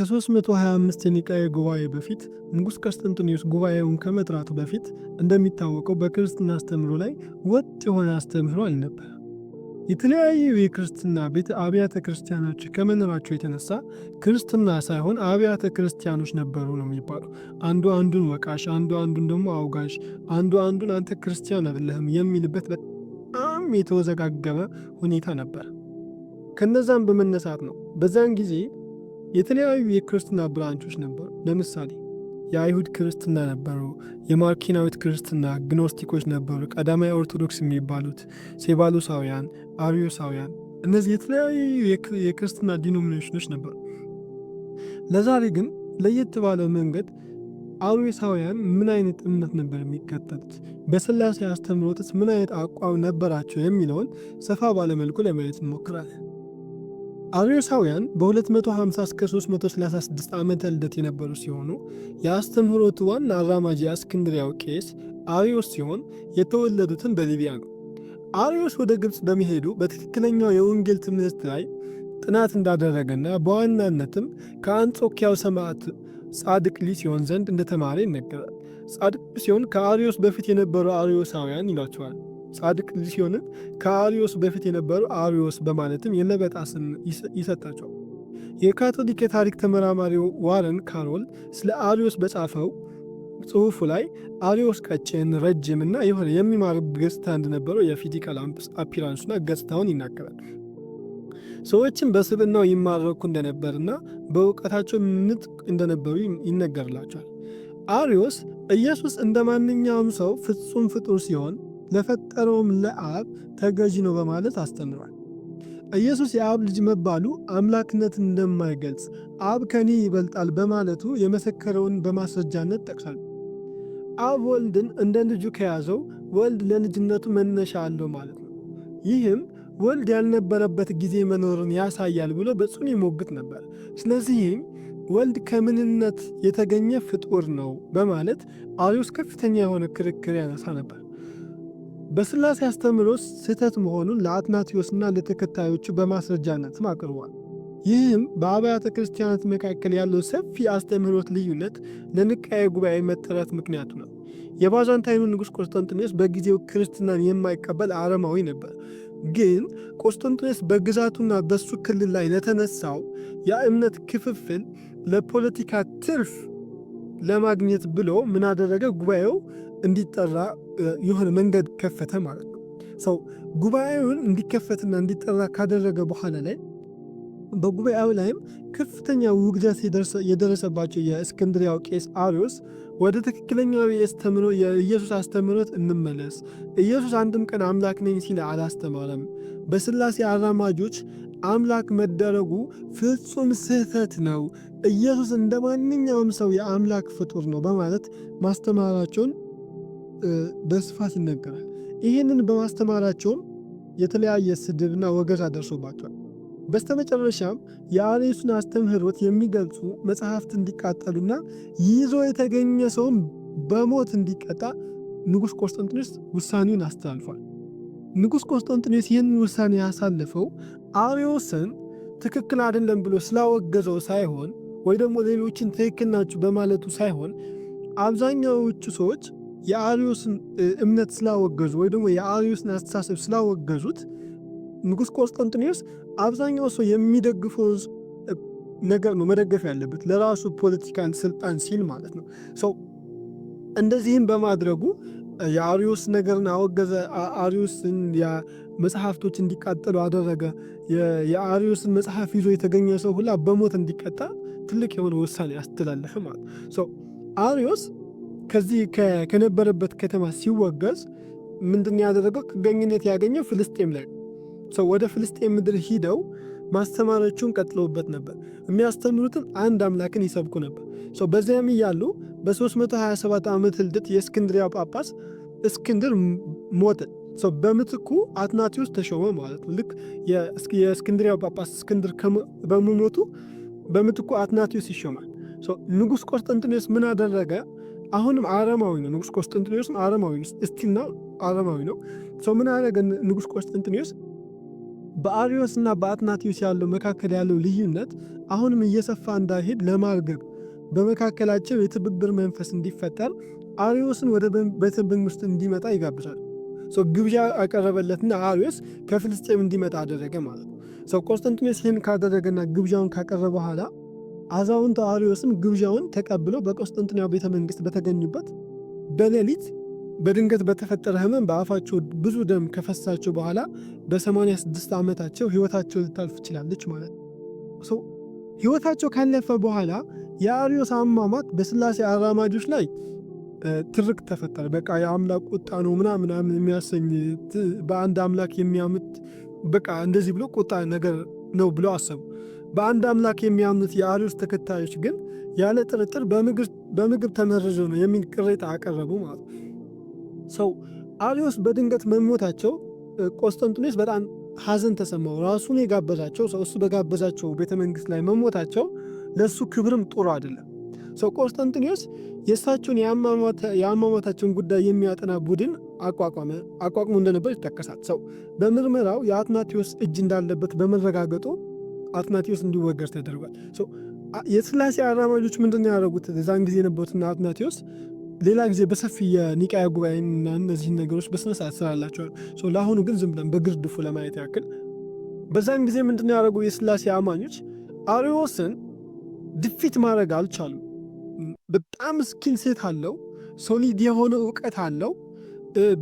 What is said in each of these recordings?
ከ325 ኒቃዬ ጉባኤ በፊት ንጉሥ ቀስጠንጥኔዎስ ጉባኤውን ከመጥራቱ በፊት እንደሚታወቀው በክርስትና አስተምህሮ ላይ ወጥ የሆነ አስተምህሮ አልነበረ። የተለያዩ የክርስትና ቤተ አብያተ ክርስቲያኖች ከመኖራቸው የተነሳ ክርስትና ሳይሆን አብያተ ክርስቲያኖች ነበሩ ነው የሚባለው። አንዱ አንዱን ወቃሽ፣ አንዱ አንዱን ደግሞ አውጋሽ፣ አንዱ አንዱን አንተ ክርስቲያን አይደለህም የሚልበት በጣም የተወዘጋገበ ሁኔታ ነበር። ከነዛም በመነሳት ነው በዚያን ጊዜ የተለያዩ የክርስትና ብራንቾች ነበሩ። ለምሳሌ የአይሁድ ክርስትና ነበሩ፣ የማርኪናዊት ክርስትና፣ ግኖስቲኮች ነበሩ፣ ቀዳማዊ ኦርቶዶክስ የሚባሉት፣ ሴባሉሳውያን፣ አሪዮሳውያን። እነዚህ የተለያዩ የክርስትና ዲኖሚኔሽኖች ነበሩ። ለዛሬ ግን ለየት ባለው መንገድ አሪዮሳውያን ምን አይነት እምነት ነበር የሚከተሉት? በስላሴ አስተምሮትስ ምን አይነት አቋም ነበራቸው? የሚለውን ሰፋ ባለመልኩ ለማየት እንሞክራለን። አሪዮሳውያን በ250 እስከ 336 ዓመተ ልደት የነበሩ ሲሆኑ የአስተምህሮቱ ዋና አራማጅ እስክንድሪያው ቄስ አሪዮስ ሲሆን የተወለዱትን በሊቢያ ነው። አሪዮስ ወደ ግብፅ በመሄዱ በትክክለኛው የወንጌል ትምህርት ላይ ጥናት እንዳደረገና በዋናነትም ከአንጾኪያው ሰማዕት ጻድቅ ሊሲዮን ዘንድ እንደተማረ ይነገራል። ጻድቅ ሊሲዮን ከአሪዮስ በፊት የነበሩ አሪዮሳውያን ይሏቸዋል። ጻድቅ ልጅ ሲሆን ከአሪዮስ በፊት የነበሩ አሪዮስ በማለትም ስም ይሰጣቸዋል። የካቶሊክ የታሪክ ተመራማሪው ዋረን ካሮል ስለ አሪዮስ በጻፈው ጽሑፉ ላይ አሪዮስ ቀጭን፣ ረጅም እና የሆነ የሚማርብ ገጽታ እንደነበረው የፊዚካል አፒራንሱና ገጽታውን ይናገራል። ሰዎችም በስብናው ይማረኩ እንደነበርና በእውቀታቸው ምጥቅ እንደነበሩ ይነገርላቸዋል። አሪዮስ ኢየሱስ እንደ ማንኛውም ሰው ፍጹም ፍጡር ሲሆን ለፈጠረውም ለአብ ተገዢ ነው በማለት አስተምሯል። ኢየሱስ የአብ ልጅ መባሉ አምላክነትን እንደማይገልጽ አብ ከኔ ይበልጣል በማለቱ የመሰከረውን በማስረጃነት ጠቅሷል። አብ ወልድን እንደ ልጁ ከያዘው ወልድ ለልጅነቱ መነሻ አለው ማለት ነው። ይህም ወልድ ያልነበረበት ጊዜ መኖርን ያሳያል ብሎ በጽኑ ይሞግት ነበር። ስለዚህም ወልድ ከምንነት የተገኘ ፍጡር ነው በማለት አሪዮስ ከፍተኛ የሆነ ክርክር ያነሳ ነበር። በስላሴ አስተምህሮ ስህተት መሆኑን ለአትናቴዎስና ለተከታዮቹ በማስረጃነትም አቅርቧል። ይህም በአብያተ ክርስቲያናት መካከል ያለው ሰፊ አስተምህሮት ልዩነት ለንቃየ ጉባኤ መጠራት ምክንያቱ ነው። የባዛንታይኑ ንጉሥ ቆስጠንጢኖስ በጊዜው ክርስትናን የማይቀበል አረማዊ ነበር። ግን ቆስጠንጢኖስ በግዛቱና በሱ ክልል ላይ ለተነሳው የእምነት ክፍፍል ለፖለቲካ ትርፍ ለማግኘት ብሎ ምን አደረገ? ጉባኤው እንዲጠራ የሆነ መንገድ ከፈተ ማለት ነው። ሰው ጉባኤውን እንዲከፈትና እንዲጠራ ካደረገ በኋላ ላይ በጉባኤው ላይም ከፍተኛ ውግደት የደረሰባቸው የእስክንድሪያው ቄስ አሪዮስ ወደ ትክክለኛው የኢየሱስ አስተምህሮት እንመለስ፣ ኢየሱስ አንድም ቀን አምላክ ነኝ ሲል አላስተማረም፣ በስላሴ አራማጆች አምላክ መደረጉ ፍጹም ስህተት ነው፣ ኢየሱስ እንደ ማንኛውም ሰው የአምላክ ፍጡር ነው በማለት ማስተማራቸውን በስፋት ይነገራል። ይህንን በማስተማራቸውም የተለያየ ስድብና ወገዛ ደርሶባቸዋል። በስተመጨረሻም የአሬሱን አስተምህሮት የሚገልጹ መጽሐፍት እንዲቃጠሉና ይዞ የተገኘ ሰውም በሞት እንዲቀጣ ንጉሥ ቆስጠንጥኔስ ውሳኔውን አስተላልፏል። ንጉሥ ቆስጠንጥኔስ ይህን ውሳኔ ያሳለፈው አርዮስን ትክክል አይደለም ብሎ ስላወገዘው ሳይሆን ወይ ደግሞ ሌሎችን ትክክል ናችሁ በማለቱ ሳይሆን አብዛኛዎቹ ሰዎች የአሪዮስን እምነት ስላወገዙ ወይ ደግሞ የአሪዮስን አስተሳሰብ ስላወገዙት ንጉስ ቆስጠንጥኔዎስ አብዛኛው ሰው የሚደግፈው ነገር ነው መደገፍ ያለበት ለራሱ ፖለቲካን ስልጣን ሲል ማለት ነው። ሰው እንደዚህም በማድረጉ የአሪዮስ ነገርን አወገዘ። አሪዮስን መጽሐፍቶች እንዲቃጠሉ አደረገ። የአሪዮስን መጽሐፍ ይዞ የተገኘ ሰው ሁላ በሞት እንዲቀጣ ትልቅ የሆነ ውሳኔ ያስተላለፈ ማለት ነው። አሪዮስ ከዚህ ከነበረበት ከተማ ሲወገዝ ምንድን ያደረገው ጥገኝነት ያገኘው ፍልስጤም ላይ ሰው ወደ ፍልስጤም ምድር ሂደው ማስተማሪዎቹን ቀጥለውበት ነበር። የሚያስተምሩትን አንድ አምላክን ይሰብኩ ነበር። በዚያም እያሉ በ327 ዓመት ልደት የእስክንድሪያ ጳጳስ እስክንድር ሞተ። በምትኩ አትናቴዎስ ተሾመ ማለት ነው። ልክ የእስክንድሪያ ጳጳስ እስክንድር በመሞቱ በምትኩ አትናቴዎስ ይሾማል። ንጉሥ ቆስጠንጢኖስ ምን አደረገ? አሁንም አረማዊ ነው። ንጉስ ቆስጠንጢኖስም አረማዊ ነው። እስቲና አረማዊ ነው። ሰው ምን አረገ? ንጉስ ቆስጠንጢኖስ በአሪዮስ እና በአትናቲዮስ ያለው መካከል ያለው ልዩነት አሁንም እየሰፋ እንዳይሄድ ለማርገብ በመካከላቸው የትብብር መንፈስ እንዲፈጠር አሪዮስን ወደ ቤተብን ውስጥ እንዲመጣ ይጋብዛል። ግብዣ አቀረበለትና አሪዮስ ከፍልስጤም እንዲመጣ አደረገ ማለት ነው። ቆስጠንጢኖስ ይህን ካደረገና ግብዣውን ካቀረበ በኋላ አዛውንቱ አርዮስም ግብዣውን ተቀብለው በቆስጠንጥንያ ቤተ መንግስት በተገኙበት በሌሊት በድንገት በተፈጠረ ህመም በአፋቸው ብዙ ደም ከፈሳቸው በኋላ በ86 ዓመታቸው ህይወታቸው ልታልፍ ይችላለች ማለት ነው። ህይወታቸው ካለፈ በኋላ የአርዮስ አሟሟት በስላሴ አራማጆች ላይ ትርክ ተፈጠረ። በቃ የአምላክ ቁጣ ነው ምናምን የሚያሰኝ በአንድ አምላክ የሚያምት በቃ እንደዚህ ብሎ ቁጣ ነገር ነው ብለው አሰቡ። በአንድ አምላክ የሚያምኑት የአሪዎስ ተከታዮች ግን ያለ ጥርጥር በምግብ ተመርዞ ነው የሚል ቅሬታ አቀረቡ። ማለት ሰው አርዮስ በድንገት መሞታቸው ቆስጠንጢኖስ በጣም ሐዘን ተሰማው። ራሱን የጋበዛቸው ሰው እሱ በጋበዛቸው ቤተ መንግስት ላይ መሞታቸው ለእሱ ክብርም ጥሩ አይደለም። ሰው ቆስጠንጢኖስ የእሳቸውን የአሟሟታቸውን ጉዳይ የሚያጠና ቡድን አቋቋመ አቋቁሞ እንደነበር ይጠቀሳል። ሰው በምርመራው የአትናቴዎስ እጅ እንዳለበት በመረጋገጡ አትናቴዎስ እንዲወገድ ተደርጓል። የስላሴ አራማጆች ምንድን ነው ያደረጉት? እዛን ጊዜ የነበሩትና አትናቴዎስ ሌላ ጊዜ በሰፊ የኒቃያ ጉባኤና እነዚህን ነገሮች በስነስርዓት ስላላቸዋል። ለአሁኑ ግን ዝም ብለን በግርድፉ ለማየት ያክል በዛን ጊዜ ምንድን ያደረጉ የስላሴ አማኞች አሪዎስን ድፊት ማድረግ አልቻሉም። በጣም ስኪል ሴት አለው፣ ሶሊድ የሆነ እውቀት አለው።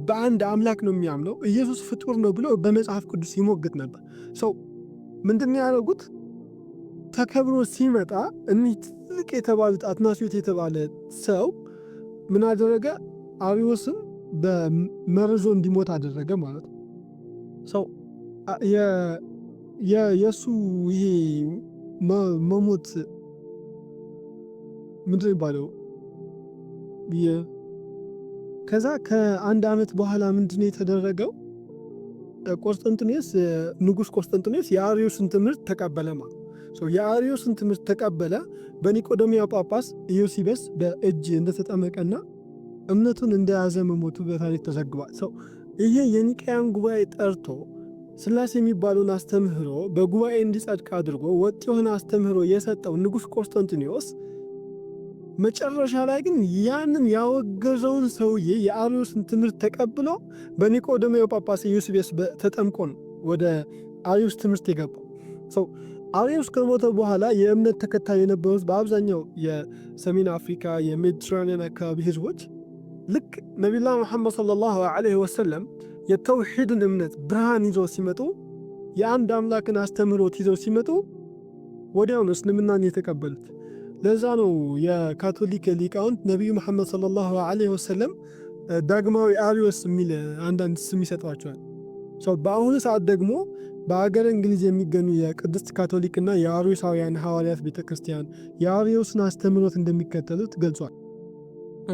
በአንድ አምላክ ነው የሚያምነው፣ ኢየሱስ ፍጡር ነው ብሎ በመጽሐፍ ቅዱስ ይሞግት ነበር ሰው ምንድን ያደረጉት? ተከብሮ ሲመጣ እኒህ ትልቅ የተባሉት አትናሲዎስ የተባለ ሰው ምን አደረገ? አሪዎስም በመርዞ እንዲሞት አደረገ ማለት ነው። የእሱ ይሄ መሞት ምንድን ይባለው? ከዛ ከአንድ ዓመት በኋላ ምንድን የተደረገው? ቆስጠንጥኔስ ንጉስ ቆስጠንጥኔስ የአሪዮስን ትምህርት ተቀበለ ማለት የአሪዮስን ትምህርት ተቀበለ። በኒቆዶሚያ ጳጳስ ኢዮሲበስ በእጅ እንደተጠመቀና እምነቱን እንደያዘ መሞቱ በታሪክ ተዘግቧል። ሰው ይሄ የኒቃያን ጉባኤ ጠርቶ ስላሴ የሚባለውን አስተምህሮ በጉባኤ እንዲጸድቅ አድርጎ ወጥ የሆነ አስተምህሮ የሰጠው ንጉስ ቆስጠንጥኔዎስ መጨረሻ ላይ ግን ያንን ያወገዘውን ሰውዬ የአርዮስን ትምህርት ተቀብሎ በኒቆደሜው ጳጳስ ዩስቤስ ተጠምቆ ነው ወደ አርዮስ ትምህርት የገባው ሰው። አርዮስ ከሞተ በኋላ የእምነት ተከታይ የነበሩት በአብዛኛው የሰሜን አፍሪካ የሜዲትራኒያን አካባቢ ህዝቦች ልክ ነቢላ ሙሐመድ ሰለላሁ ዐለይሂ ወሰለም የተውሒድን እምነት ብርሃን ይዘው ሲመጡ የአንድ አምላክን አስተምህሮት ይዘው ሲመጡ ወዲያውኑ እስልምናን የተቀበሉት ለዛ ነው የካቶሊክ ሊቃውንት ነቢዩ መሐመድ ሰለላሁ ዐለይሂ ወሰለም ዳግማዊ አሪዮስ የሚል አንዳንድ ስም ይሰጧቸዋል። በአሁኑ ሰዓት ደግሞ በአገረ እንግሊዝ የሚገኙ የቅድስት ካቶሊክና የአሪዮሳውያን ሐዋርያት ቤተ ክርስቲያን የአሪዮስን አስተምህሮት እንደሚከተሉት ገልጿል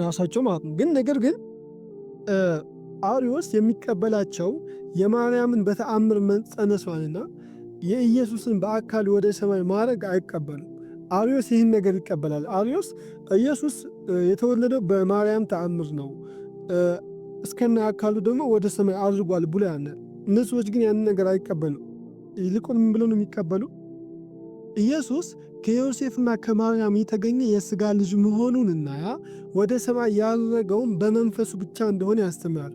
ራሳቸው ማለት ነው። ግን ነገር ግን አሪዮስ የሚቀበላቸው የማርያምን በተአምር መጸነሷንና የኢየሱስን በአካል ወደ ሰማይ ማድረግ አይቀበሉም። አሪዮስ ይህን ነገር ይቀበላል። አሪዮስ ኢየሱስ የተወለደው በማርያም ተአምር ነው፣ እስከነ አካሉ ደግሞ ወደ ሰማይ አድርጓል ብሎ ያነ ንጹዎች ግን ያንን ነገር አይቀበሉ። ይልቁን ምን ብሎ ነው የሚቀበሉ? ኢየሱስ ከዮሴፍና ከማርያም የተገኘ የስጋ ልጅ መሆኑንና ወደ ሰማይ ያደረገውን በመንፈሱ ብቻ እንደሆነ ያስተምራል።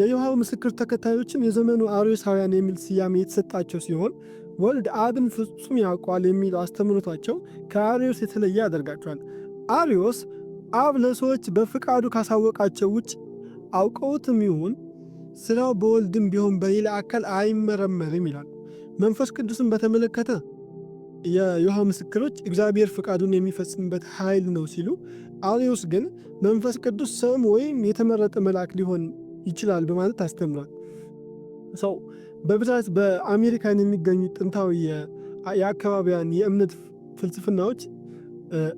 የዮሐው ምስክር ተከታዮችም የዘመኑ አርዮሳውያን የሚል ስያሜ የተሰጣቸው ሲሆን ወልድ አብን ፍጹም ያውቋል የሚለው አስተምህሮታቸው ከአሪዮስ የተለየ ያደርጋቸዋል። አሪዮስ አብ ለሰዎች በፍቃዱ ካሳወቃቸው ውጭ አውቀውትም ይሁን ስራው በወልድም ቢሆን በሌላ አካል አይመረመርም ይላል። መንፈስ ቅዱስን በተመለከተ የዮሐ ምስክሮች እግዚአብሔር ፍቃዱን የሚፈጽምበት ኃይል ነው ሲሉ፣ አሪዮስ ግን መንፈስ ቅዱስ ሰም ወይም የተመረጠ መልአክ ሊሆን ይችላል በማለት አስተምሯል። በብዛት በአሜሪካን የሚገኙ ጥንታዊ የአካባቢያን የእምነት ፍልስፍናዎች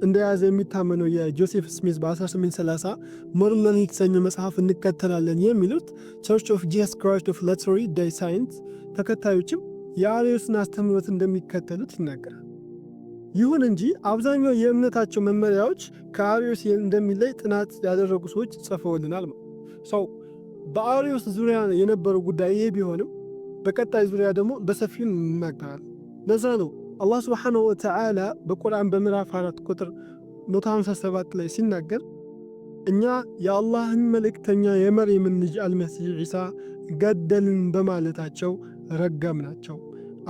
እንደያዘ የሚታመነው የጆሴፍ ስሚዝ በ1830 ሞደርን የተሰኘ መጽሐፍ እንከተላለን የሚሉት ቸርች ኦፍ ጂሰስ ክራይስት ኦፍ ላተር ዴይ ሳይንትስ ተከታዮችም የአርዮስን አስተምህሮት እንደሚከተሉት ይናገራል። ይሁን እንጂ አብዛኛው የእምነታቸው መመሪያዎች ከአርዮስ እንደሚለይ ጥናት ያደረጉ ሰዎች ጽፈውልናል። ሰው በአርዮስ ዙሪያ የነበረው ጉዳይ ይሄ ቢሆንም በቀጣይ ዙሪያ ደግሞ በሰፊው እንናገራለን። ለዛ ነው አላህ ስብሓነሁ ወተዓላ በቁርአን በምዕራፍ 4 ቁጥር 157 ላይ ሲናገር እኛ የአላህን መልእክተኛ የመርየምን ልጅ አልመሲሕ ዒሳ ገደልን በማለታቸው ረገምናቸው።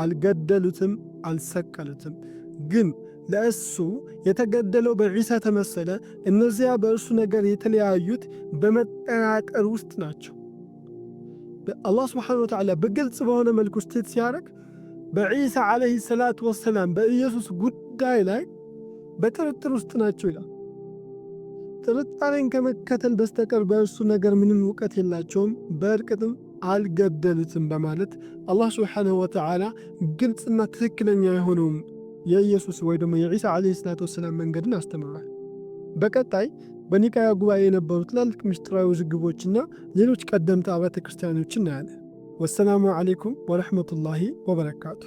አልገደሉትም፣ አልሰቀሉትም። ግን ለእሱ የተገደለው በዒሳ ተመሰለ። እነዚያ በእርሱ ነገር የተለያዩት በመጠራጠር ውስጥ ናቸው። አላህ ስብሓነ ወተዓላ በግልጽ በሆነ መልኩ ስቴት ሲያደርግ በዒሳ ዓለይሂ ሰላት ወሰላም በኢየሱስ ጉዳይ ላይ በጥርጥር ውስጥ ናቸው ይላል። ጥርጣሬን ከመከተል በስተቀር በእርሱ ነገር ምንም እውቀት የላቸውም፣ በእርቅጥም አልገደሉትም በማለት አላህ ስብሓነ ወተዓላ ግልጽና ትክክለኛ የሆነውም የኢየሱስ ወይ ደግሞ የዒሳ ዓለይሂ ሰላት ወሰላም መንገድን አስተምሯል። በቀጣይ በኒቃያ ጉባኤ የነበሩ ትላልቅ ምስጢራዊ ውዝግቦችና ሌሎች ቀደምት አብያተ ክርስቲያኖች እናያለን። ወሰላሙ ዓለይኩም ወረሕመቱላሂ ወበረካቱ።